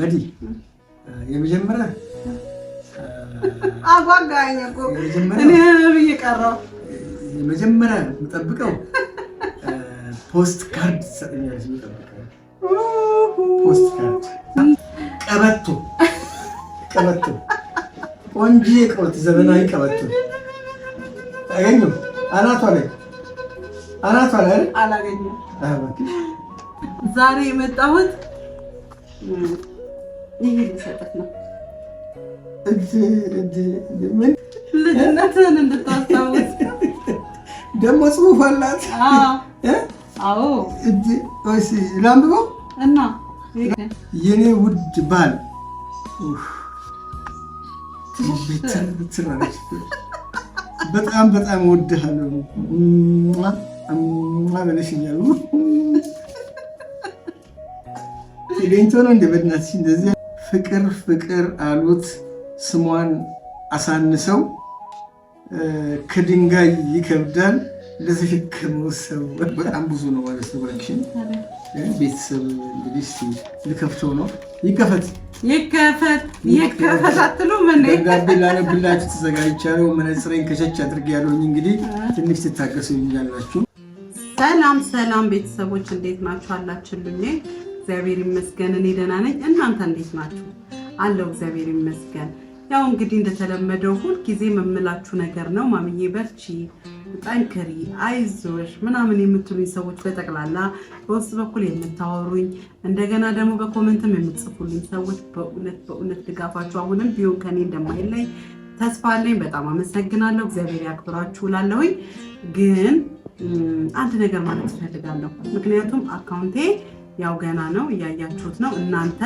መዲ የመጀመሪያ አጓጋኝ እኮ የመጀመሪያ የምጠብቀው ፖስት ካርድ ትሰጠኛለች። ፖስት ካርድ፣ ቀበቶ፣ ቀበቶ ቆንጆ ቀበቶ፣ ዘመናዊ ቀበቶ አገኘሁ። አናቷ ላይ አናቷ ላይ አላገኘሁም። ዛሬ የመጣሁት ይህ ልሰጠት ነው። ልጅነትህን እንድታስታውስ ደግሞ ጽሑፍ አላት። አዎ ላንብበው እና የኔ ውድ ባል በጣም በጣም ወድሃለሁ በለሽኛል። ተገኝቶ ነው እንደ በድናትሽ እንደዚህ ፍቅር ፍቅር አሉት ስሟን አሳንሰው ከድንጋይ ይከብዳል ለተሸከመው ሰው። በጣም ብዙ ነው ማለት ነው። ብራንክሽን ቤተሰብ እንግዲህ ልከፍተው ነው። ይከፈት ይከፈት ይከፈት አትሉም እንዴ? ላነብላችሁ ተዘጋጅቻለሁ። መነጽሬን ከሸች አድርጌ ያለሁኝ እንግዲህ ትንሽ ትታገሱ ይኛላችሁ። ሰላም ሰላም ቤተሰቦች እንዴት ናችሁ? አላችሁልኝ እግዚአብሔር ይመስገን እኔ ደህና ነኝ። እናንተ እንዴት ናችሁ? አለው እግዚአብሔር ይመስገን። ያው እንግዲህ እንደተለመደው ሁልጊዜ መምላችሁ ነገር ነው። ማምዬ በርቺ፣ ጠንክሪ፣ አይዞሽ ምናምን የምትሉኝ ሰዎች በጠቅላላ በውስጥ በኩል የምታወሩኝ እንደገና ደግሞ በኮመንትም የምትጽፉልኝ ሰዎች በእውነት በእውነት ድጋፋችሁ አሁንም ቢሆን ከኔ እንደማይለይ ተስፋ አለኝ። በጣም አመሰግናለሁ። እግዚአብሔር ያክብራችሁ እላለሁኝ። ግን አንድ ነገር ማለት እፈልጋለሁ። ምክንያቱም አካውንቴ ያው ገና ነው እያያችሁት ነው። እናንተ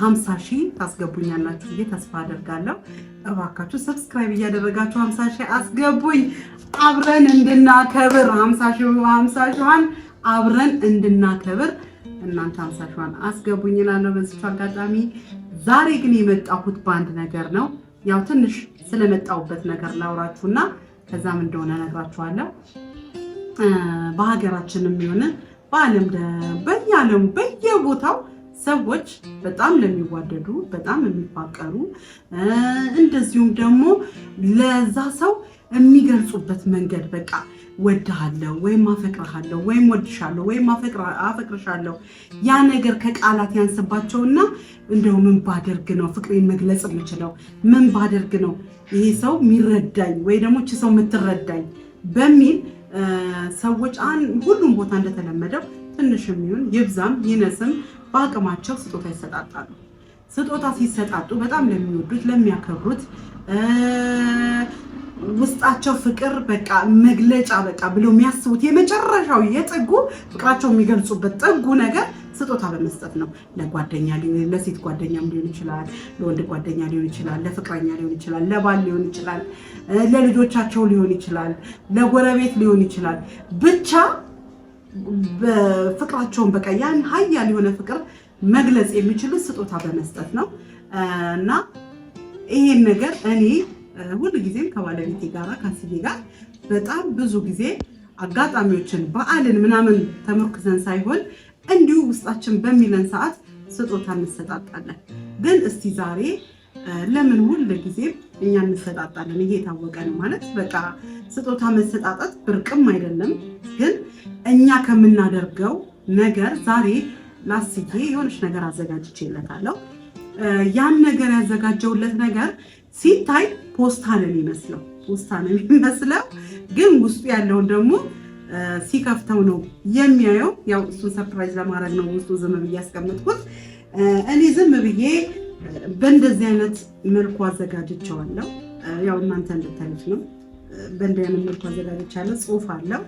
ሀምሳ ሺህ ታስገቡኛላችሁ ብዬ ተስፋ አደርጋለሁ። እባካችሁ ሰብስክራይብ እያደረጋችሁ ሀምሳ ሺህ አስገቡኝ። አብረን እንድናከብር ሀምሳ ሺህ ሀምሳ ሺህን አብረን እንድናከብር እናንተ ሀምሳ ሺህን አስገቡኝ እላለሁ። በዚች አጋጣሚ ዛሬ ግን የመጣሁት በአንድ ነገር ነው። ያው ትንሽ ስለመጣሁበት ነገር ላውራችሁና ከዛም እንደሆነ እነግራችኋለሁ። በሀገራችን የሚሆንን በዓለም በየዓለሙ በየቦታው ሰዎች በጣም ለሚዋደዱ በጣም የሚፋቀሩ እንደዚሁም ደግሞ ለዛ ሰው የሚገልጹበት መንገድ በቃ ወድሃለሁ ወይም አፈቅርሃለሁ ወይም ወድሻለሁ ወይም አፈቅርሻለሁ ያ ነገር ከቃላት ያንስባቸውና እንደው ምን ባደርግ ነው ፍቅሬን መግለጽ የምችለው ምን ባደርግ ነው ይሄ ሰው የሚረዳኝ ወይ ደግሞ እቺ ሰው የምትረዳኝ በሚል ሰዎች ሁሉም ቦታ እንደተለመደው ትንሽም ይሁን ይብዛም ይነስም በአቅማቸው ስጦታ ይሰጣጣሉ። ስጦታ ሲሰጣጡ በጣም ለሚወዱት ለሚያከብሩት ውስጣቸው ፍቅር በቃ መግለጫ በቃ ብለው የሚያስቡት የመጨረሻው የጥጉ ፍቅራቸው የሚገልጹበት ጥጉ ነገር ስጦታ በመስጠት ነው። ለጓደኛ ለሴት ጓደኛም ሊሆን ይችላል፣ ለወንድ ጓደኛ ሊሆን ይችላል፣ ለፍቅረኛ ሊሆን ይችላል፣ ለባል ሊሆን ይችላል፣ ለልጆቻቸው ሊሆን ይችላል፣ ለጎረቤት ሊሆን ይችላል። ብቻ ፍቅራቸውን በቃ ያን ሀያል የሆነ ፍቅር መግለጽ የሚችሉት ስጦታ በመስጠት ነው እና ይሄን ነገር እኔ ሁል ጊዜም ከባለቤቴ ጋር ካስዬ ጋር በጣም ብዙ ጊዜ አጋጣሚዎችን በዓልን ምናምን ተመርክዘን ሳይሆን እንዲሁ ውስጣችን በሚለን ሰዓት ስጦታ እንሰጣጣለን። ግን እስቲ ዛሬ ለምን ሁል ጊዜም እኛ እንሰጣጣለን? ይሄ የታወቀ ነው ማለት በቃ ስጦታ መሰጣጣት ብርቅም አይደለም። ግን እኛ ከምናደርገው ነገር ዛሬ ላስዬ የሆነች ነገር አዘጋጅቼለታለሁ። ያን ነገር ያዘጋጀውለት ነገር ሲታይ ፖስታ ነው የሚመስለው ፖስታ ነው የሚመስለው፣ ግን ውስጡ ያለውን ደግሞ ሲከፍተው ነው የሚያየው። ያው እሱን ሰርፕራይዝ ለማድረግ ነው ውስጡ ዝም ብዬ ያስቀምጥኩት። እኔ ዝም ብዬ በእንደዚህ አይነት መልኩ አዘጋጅቸዋለሁ። ያው እናንተ እንድታዩት ነው። በእንደዚህ አይነት መልኩ አዘጋጅቻለሁ። ጽሁፍ አለው፣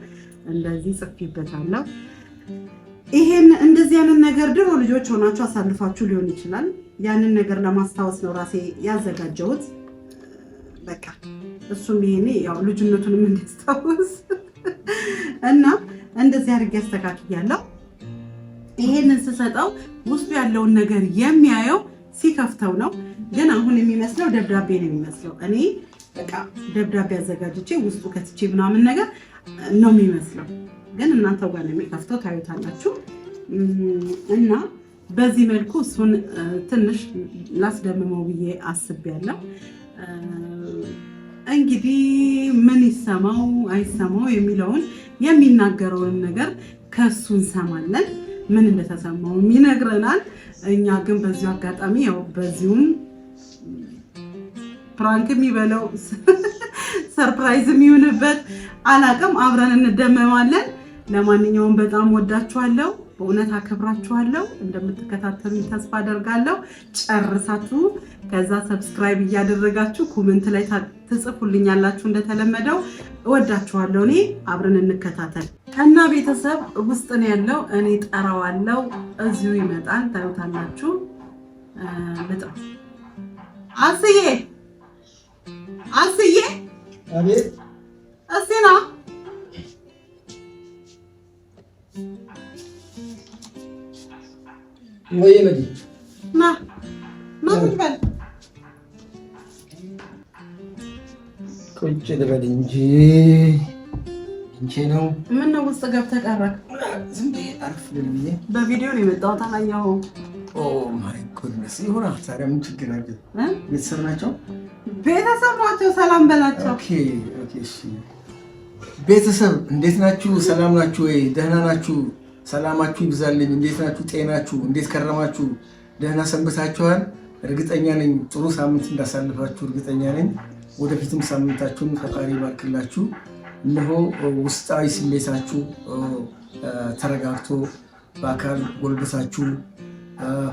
እንደዚህ ጽፌበታለሁ። ይሄን እንደዚህ አይነት ነገር ድሮ ልጆች ሆናችሁ አሳልፋችሁ ሊሆን ይችላል ያንን ነገር ለማስታወስ ነው ራሴ ያዘጋጀሁት። በቃ እሱም ይሄኔ ያው ልጅነቱንም እንዲያስታውስ እና እንደዚህ አድርጌ አስተካክያለሁ። ይሄንን ስሰጠው ውስጡ ያለውን ነገር የሚያየው ሲከፍተው ነው። ግን አሁን የሚመስለው ደብዳቤ ነው የሚመስለው። እኔ በቃ ደብዳቤ አዘጋጅቼ ውስጡ ከትቼ ምናምን ነገር ነው የሚመስለው። ግን እናንተው ጋር ነው የሚከፍተው፣ ታዩታላችሁ እና በዚህ መልኩ እሱን ትንሽ ላስደምመው ብዬ አስቤያለሁ። እንግዲህ ምን ይሰማው አይሰማው የሚለውን የሚናገረውን ነገር ከሱ እንሰማለን። ምን እንደተሰማው ይነግረናል። እኛ ግን በዚሁ አጋጣሚ ያው በዚሁም ፕራንክ የሚበለው ሰርፕራይዝ የሚሆንበት አላቅም፣ አብረን እንደመማለን። ለማንኛውም በጣም ወዳችኋለሁ። በእውነት አከብራችኋለሁ። እንደምትከታተሉኝ ተስፋ አደርጋለሁ። ጨርሳችሁ ከዛ ሰብስክራይብ እያደረጋችሁ ኮመንት ላይ ትጽፉልኛላችሁ። እንደተለመደው እወዳችኋለሁ። እኔ አብረን እንከታተል እና ቤተሰብ ውስጥ ነው ያለው። እኔ ጠራዋለው፣ እዚሁ ይመጣል። ታዩታላችሁ። ልጥራ አስዬ አስዬ እሴና ወይ መዲ ማ ማ ትባል ቁጭ ልበል እንጂ እንቼ ነው። ምን ነው ውስጥ ገብተህ ቀረህ? ዝም ብዬ አረፍ ልል ብዬ በቪዲዮ ነው የመጣሁት። አላየኸው? ኦ ማይ ጎድነስ። ይሁን ታዲያ ምን ችግር አለ? ቤተሰብ ናቸው፣ ቤተሰብ ናቸው። ሰላም በላቸው። ኦኬ ኦኬ። እሺ ቤተሰብ እንዴት ናችሁ? ሰላም ናችሁ ወይ? ደህና ናችሁ? ሰላማችሁ ይብዛልኝ። እንዴት ናችሁ? ጤናችሁ እንዴት ከረማችሁ? ደህና ሰንብታችኋል? እርግጠኛ ነኝ ጥሩ ሳምንት እንዳሳልፋችሁ እርግጠኛ ነኝ። ወደፊትም ሳምንታችሁን ፈጣሪ ይባርክላችሁ። እነሆ ውስጣዊ ስሜታችሁ ተረጋግቶ በአካል ጎልበታችሁ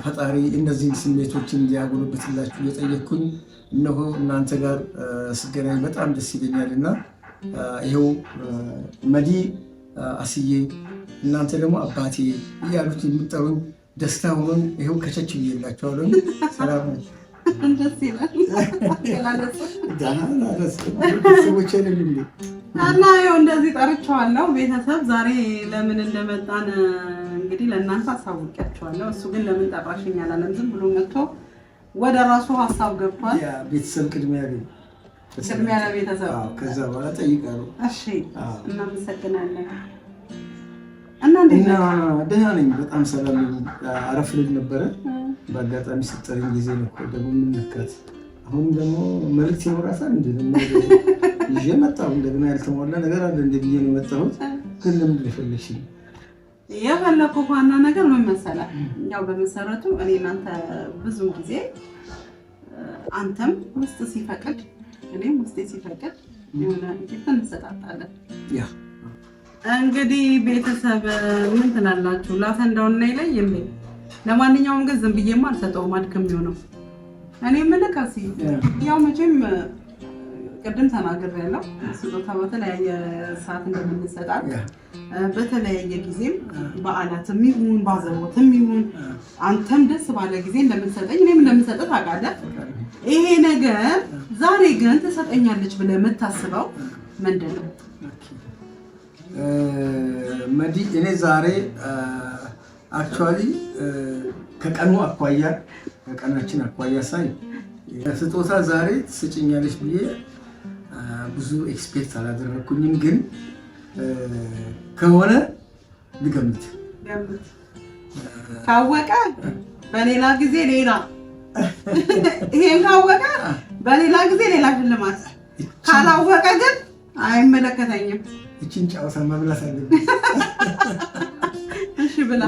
ፈጣሪ እነዚህን ስሜቶች እንዲያጎሉበትላችሁ እየጠየቅኩኝ እነሆ እናንተ ጋር ስገናኝ በጣም ደስ ይለኛል እና ይኸው መዲ አስዬ እናንተ ደግሞ አባቴ እያሉት የምጠሩኝ ደስታ ሆኖን ይኸው ከቸች ብዬላቸዋለሁ። ሰላም እና ይኸው እንደዚህ ጠርቼዋለሁ። ቤተሰብ ዛሬ ለምን እንደመጣን እንግዲህ ለእናንተ አሳውቂያቸዋለሁ። እሱ ግን ለምን ጠራሽኝ አላለም። ዝም ብሎ መጥቶ ወደ ራሱ ሀሳብ ገብቷል። ቤተሰብ ቅድሚያ ግን ቅድሚያ ለቤተሰብ ከዛ በኋላ ጠይቃሉ። እሺ እናመሰግናለን። እና ደህና ነኝ፣ በጣም ሰላም አረፍ ልል ነበረ በአጋጣሚ ስጠሪኝ ጊዜ ልኮ ደግሞ የምነካት አሁን ደግሞ መልዕክት ይኖራታል። እንደ ይዤ መጣሁ። እንደገና ያልተሟላ ነገር አለ እንደ ብዬ ነው የመጣሁት። ግን ለምን ልፈልግሽ የፈለኩት ዋና ነገር ምን መሰለህ? ያው በመሰረቱ እኔ እናንተ ብዙ ጊዜ አንተም ውስጥ ሲፈቅድ እኔም ውስጤ ሲፈቅድ የሆነ እንሰጣጣለን እንግዲህ ቤተሰብ ምን ትላላችሁ? ላፈንዳውን ላይ ላይ የለ። ለማንኛውም ግን ዝም ብዬማ አልሰጠውም። አድክም የሚሆነው እኔ የምልህ ካሲ ያው መቼም ቅድም ተናገር ያለው ስጦታ በተለያየ ሰዓት እንደምንሰጣት በተለያየ ጊዜም በዓላትም ይሁን ባዘቦትም ይሁን አንተም ደስ ባለ ጊዜ እንደምንሰጠኝ እኔም እንደምንሰጠት ታውቃለህ። ይሄ ነገር ዛሬ ግን ትሰጠኛለች ብለህ የምታስበው ምንድን ነው? መዲ እኔ ዛሬ አክቹዋሊ ከቀኑ አኳያ ከቀናችን አኳያ ሳይ ስጦታ ዛሬ ትሰጭኛለች ብዬ ብዙ ኤክስፔክት አላደረግኩኝም፣ ግን ከሆነ ልገምት። ካወቀ በሌላ ጊዜ ሌላ፣ ይሄን ካወቀ በሌላ ጊዜ ሌላ ሽልማት፣ ካላወቀ ግን አይመለከተኝም። እቺን ጫውሳ መብላት አለብን። እና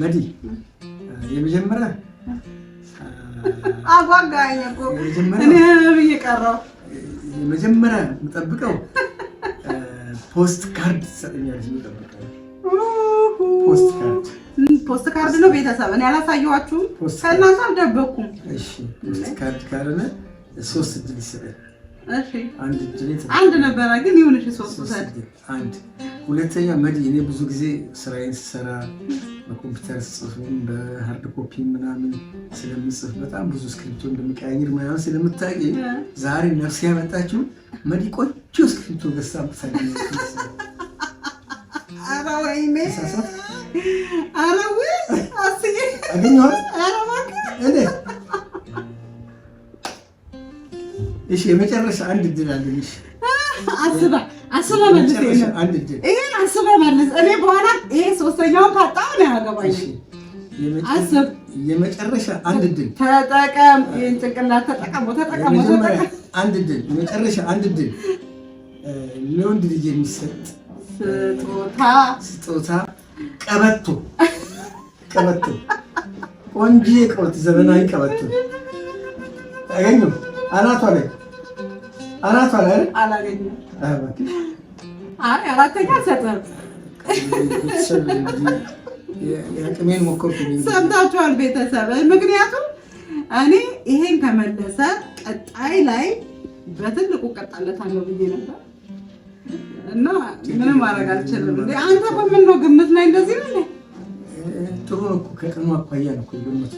መዲ የመጀመሪያ አጓጋኝ እኮ የመጀመሪያ የምጠብቀው ፖስት ካርድ ትሰጠኛለች። ፖስት ካርድ ነው። ቤተሰብ እኔ አላሳየኋችሁም፣ ከእናንተ አልደበኩም። ፖስት ካርድ ካርድ ሶስት እድል ይሰጠኝ። አንድ እድል አንድ ነበረ ግን ይሁንሽ ሶስት ሁለተኛ መድ እኔ ብዙ ጊዜ ስራዬን ስሰራ በኮምፒውተር ስጽፍም በሀርድ ኮፒ ምናምን ስለምጽፍ በጣም ብዙ እስክሪፕቶ እንደምቀያየር ምናምን ስለምታውቂ ዛሬ ነፍስ ያመጣችው መዲ ቆጆ እስክሪፕቶ ገዝታ ምታገኘ እሺ የመጨረሻ አንድ እድል አለኝ። አስባ አስባ መልስ። ይሄን አስባ መልስ። እኔ በኋላ ይሄ ሶስተኛውን ካጣሁ ነው ያገባኝ። አስብ። የመጨረሻ አንድ እድል ተጠቀም። ይሄን ጭንቅላት ተጠቀሙ፣ ተጠቀሙ። አንድ እድል የመጨረሻ አንድ እድል ለወንድ ልጅ የሚሰጥ ስጦታ ስጦታ ቀበቶ፣ ቀበቶ ቆንጆ ቀበቶ፣ ዘመናዊ ቀበቶ አገኘሁ አናቷ ላይ አራት አላል አላገኘም። አይ አራተኛ አልሰጠህም። የአቅሜን ሞከርኩኝ። ሰምታችኋል ቤተሰብ። ምክንያቱም እኔ ይሄን ከመለሰ ቀጣይ ላይ በትልቁ ቀጣለታለሁ ብዬ ነበር እና ምንም ማድረግ አልችልም። አንተ በምን ነው ግምት ላይ እንደዚህ ነው? ጥሩ ነው። ከቀኑ አኳያ ነው ግምት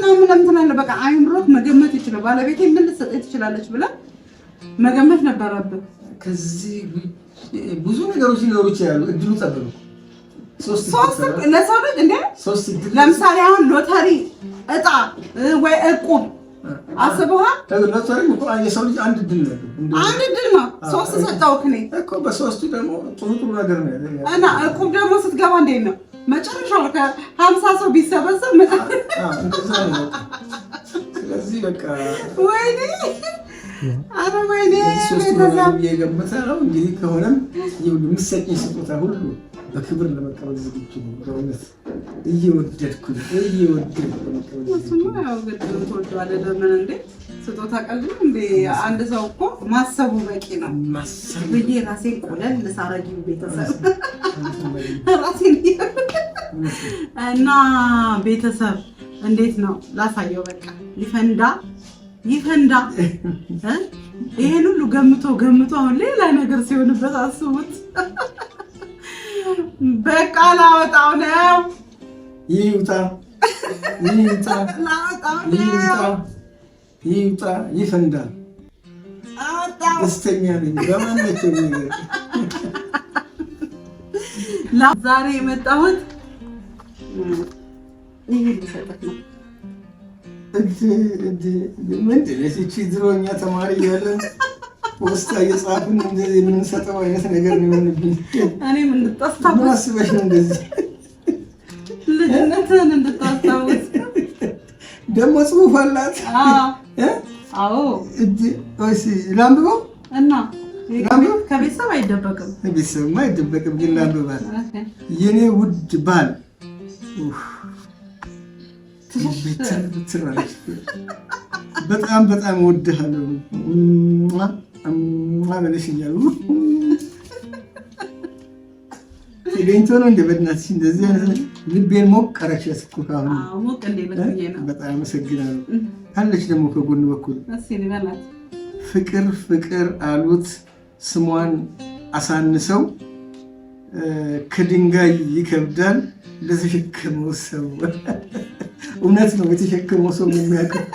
ምናምን ለምትን በቃ አይምሮት መገመት ይችላል። ባለቤቴ ምን ልትሰጠኝ ትችላለች ብለን መገመት ነበረብን። ከዚህ ብዙ ነገሮች ሊኖሩ ይችላሉ። እድሉ ጠብቁ። ለሰው ልጅ እንደ ለምሳሌ አሁን ሎተሪ፣ እጣ ወይ እቁብ አስበሃል። ሎተሪ የሰው ልጅ አንድ ድል ነው፣ አንድ ድል ነው። ሶስት ሰጠውክ እኔ በሶስቱ ደግሞ ጥሩ ጥሩ ነገር ነው እና እቁብ ደግሞ ስትገባ እንዴት ነው መጨረሻው ከሀምሳ ሰው ቢሰበሰብ ስለዚህ በቃ ወይኔ ኧረ ወይኔ የገመተ ነው እንግዲህ ከሆነም የምትሰጪኝ ስጦታ ሁሉ በክብር ለመቀበል ዝግጁ ነው። በእውነት እየወደድኩ እየወደድኩ ለመቀበል ዝግጁ ነው። ስጦታ ቀልድ እንደ አንድ ሰው እኮ ማሰቡ በቂ ነው ብዬ ራሴን ቆለል ልሳረጊ ቤተሰብ ራሴን እና ቤተሰብ እንዴት ነው ላሳየው። በቃ ይፈንዳ ይፈንዳ። ይሄን ሁሉ ገምቶ ገምቶ አሁን ሌላ ነገር ሲሆንበት አስቡት። በቃ ላወጣው ነው ይውጣ ይውጣ ላወጣው ነው ይውጣ ይፈንዳል። ደስተኛ ነኝ። በማናቸው ነገር ዛሬ የመጣሁት ይሄን ልሰጥህ ተማሪ እያለን ውስጥ እየጻፍን እንደዚህ የምንሰጠው አይነት ነገር ነው የሆንብኝ። እኔም ምን አስበሽ ነው እንደዚህ ልጅነትህን እንድታስታውስ ደግሞ ጽሁፍ አላት። አዎ ላንብበው እና ከቤተሰብ አይደበቅም፣ ከቤተሰብማ አይደበቅም፣ ግን ላንብባል። የኔ ውድ ባል በጣም በጣም እወድሃለሁ በለሽ እያሉ ተገኝቶ ነው እንደ በድናት እንደዚህ አይነት ልቤን ሞቅ ቀረች። ያስኩት በጣም አመሰግናለሁ። ካለች ደግሞ ከጎን በኩል ፍቅር ፍቅር አሉት ስሟን አሳንሰው ከድንጋይ ይከብዳል ለተሸከመው ሰው። እውነት ነው የተሸከመው ሰው የሚያውቀው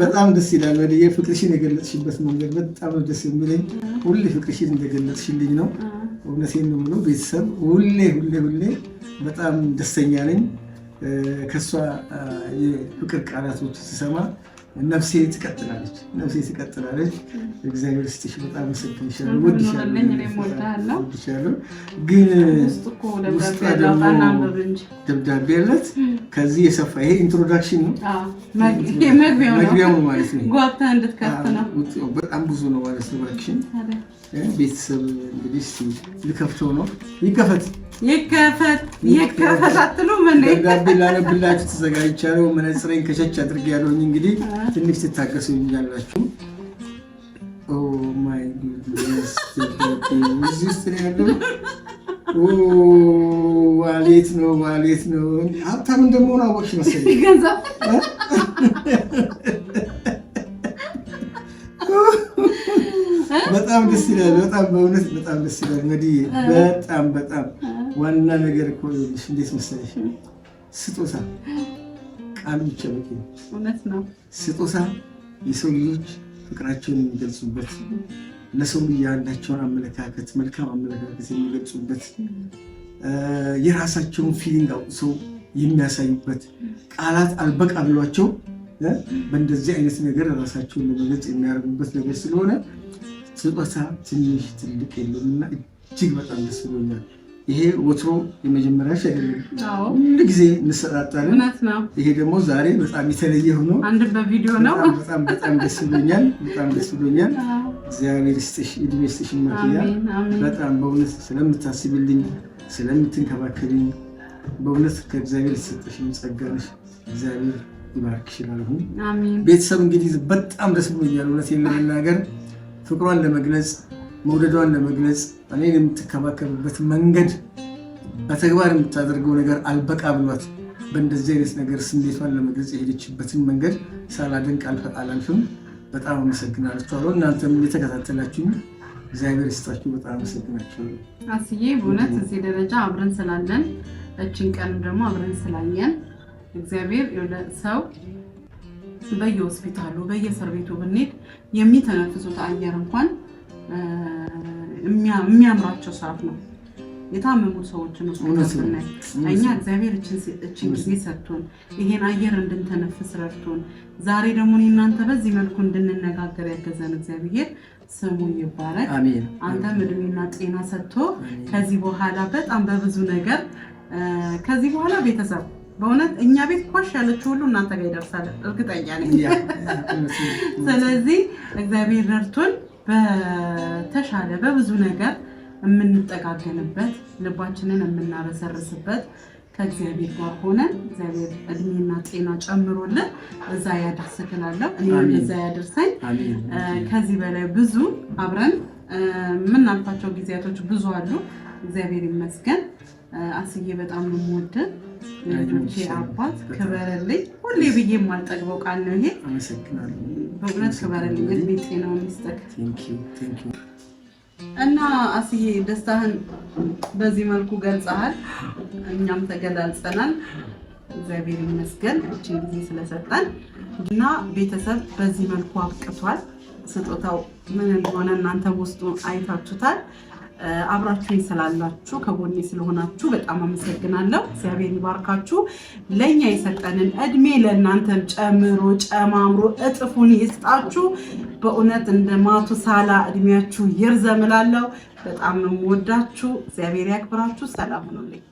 በጣም ደስ ይላል። ወዲዬ ፍቅርሽን የገለጽሽበት መንገድ በጣም ነው ደስ የሚለኝ። ሁሌ ፍቅርሽን እንደገለጽሽልኝ ነው። እውነቴን ነው የምለው ቤተሰብ ሁሌ ሁሌ ሁሌ በጣም ደስተኛ ነኝ ከእሷ የፍቅር ቃላቶች ስሰማ ነፍሴ ትቀጥላለች፣ ነፍሴ ትቀጥላለች። እግዚአብሔር ስትሽ በጣም አመሰግንሻለሁ፣ ወድሻለሁ። ግን ውስጥ ደግሞ ደብዳቤ ያለት ከዚህ የሰፋ ይሄ ኢንትሮዳክሽን ነው መግቢያው ነው ማለት ነው። በጣም ብዙ ነው ማለት ነው። ኢንትሮዳክሽን ቤተሰብ እንግዲህ ልከፍተው ነው። ይከፈት ይከፈት ይከፈት አትሉም እንዴ? ደብዳቤ ላለብላችሁ ተዘጋጅቻለሁ። መነጽሬን ከሸች አድርጌያለሁኝ እንግዲህ ትንሽ ትታገሱ ያላችሁ oh እዚህ ውስጥ ነው ያለው። oh, ዋሌት ነው ዋሌት ነው። ሀብታም እንደመሆኑ አወቅሽ መሰለኝ። በጣም ደስ ይላል። በጣም በእውነት በጣም ደስ ይላል። መድዬ በጣም በጣም ዋና ነገር እኮ እንዴት መሰለሽ ስጦታ ቃሉ ብቻ በቂ ነው። እውነት ነው። ስጦታ የሰው ልጆች ፍቅራቸውን የሚገልጹበት ለሰው ልጅ ያላቸውን አመለካከት መልካም አመለካከት የሚገልጹበት የራሳቸውን ፊሊንግ አውጥሰው የሚያሳዩበት ቃላት አልበቃ ብሏቸው በእንደዚህ አይነት ነገር ራሳቸውን ለመግለጽ የሚያደርጉበት ነገር ስለሆነ ስጦታ ትንሽ ትልቅ የለምና እጅግ በጣም ደስ ብሎኛል። ይሄ ወትሮ የመጀመሪያሽ አይደለም። ሁሉ ጊዜ እንሰጣጣለን። ይሄ ደግሞ ዛሬ በጣም የተለየ ሆኖ አንድ በቪዲዮ ነው። በጣም በጣም ደስ ብሎኛል። በጣም ደስ ብሎኛል። እግዚአብሔር ስጥሽ እድሜ ስጥሽ ማክያ በጣም በእውነት ስለምታስብልኝ ስለምትንከባከብኝ በእውነት ከእግዚአብሔር የተሰጠሽ ጸጋነሽ እግዚአብሔር ይባርክ ይችላልሁ። ቤተሰብ እንግዲህ በጣም ደስ ብሎኛል። እውነት የምንናገር ፍቅሯን ለመግለጽ መውደዷን ለመግለጽ እኔን የምትከባከብበት መንገድ በተግባር የምታደርገው ነገር አልበቃ ብሏት በእንደዚህ አይነት ነገር ስሜቷን ለመግለጽ የሄደችበትን መንገድ ሳላደንቅ አላልፍም። በጣም አመሰግናለሁ። ቷሎ እናንተም እየተከታተላችሁ እግዚአብሔር ይስጣችሁ። በጣም አመሰግናችኋለሁ። አስዬ በእውነት እዚህ ደረጃ አብረን ስላለን እችን ቀንም ደግሞ አብረን ስላየን እግዚአብሔር ሰው በየሆስፒታሉ በየእስር ቤቱ ብንሄድ የሚተነፍሱት አየር እንኳን የሚያምራቸው ሰዓት ነው። የታመሙ ሰዎችን ስናይ እኛ እግዚአብሔር እችን ጊዜ ሰጥቶን ይሄን አየር እንድንተነፍስ ረድቶን ዛሬ ደግሞ እናንተ በዚህ መልኩ እንድንነጋገር ያገዘን እግዚአብሔር ስሙ ይባረክ። አንተም እድሜና ጤና ሰጥቶ ከዚህ በኋላ በጣም በብዙ ነገር ከዚህ በኋላ ቤተሰብ በእውነት እኛ ቤት ኳሽ ያለችው ሁሉ እናንተ ጋር ይደርሳል እርግጠኛ ነኝ። ስለዚህ እግዚአብሔር ረድቶን በተሻለ በብዙ ነገር የምንጠጋገንበት ልባችንን የምናበሰርስበት ከእግዚአብሔር ጋር ሆነን እግዚአብሔር እድሜና ጤና ጨምሮልን እዛ ያደርስክላለሁ እኔም እዛ ያደርሰኝ። ከዚህ በላይ ብዙ አብረን የምናልፋቸው ጊዜያቶች ብዙ አሉ። እግዚአብሔር ይመስገን። አስዬ በጣም ነው የምወድህ። ልጆቼ አባት ክበረልኝ፣ ሁሌ ብዬ የማልጠግበው ቃል ነው ይሄ። በእውነት ክበረልኝ፣ እድሜ ጤናውን ይስጠቅ እና አስዬ ደስታህን በዚህ መልኩ ገልጸሃል፣ እኛም ተገላልጸናል። እግዚአብሔር ይመስገን እችን ጊዜ ስለሰጠን እና ቤተሰብ በዚህ መልኩ አብቅቷል። ስጦታው ምን እንደሆነ እናንተ ውስጡ አይታችሁታል። አብራችሁኝ ስላላችሁ ከጎኔ ስለሆናችሁ በጣም አመሰግናለሁ። እግዚአብሔር ይባርካችሁ። ለእኛ የሰጠንን እድሜ ለእናንተን ጨምሮ ጨማምሮ እጥፉን ይስጣችሁ። በእውነት እንደ ማቱ ሳላ እድሜያችሁ ይርዘምላለሁ። በጣም ነው የምወዳችሁ። እግዚአብሔር ያክብራችሁ። ሰላም ሁኑልኝ።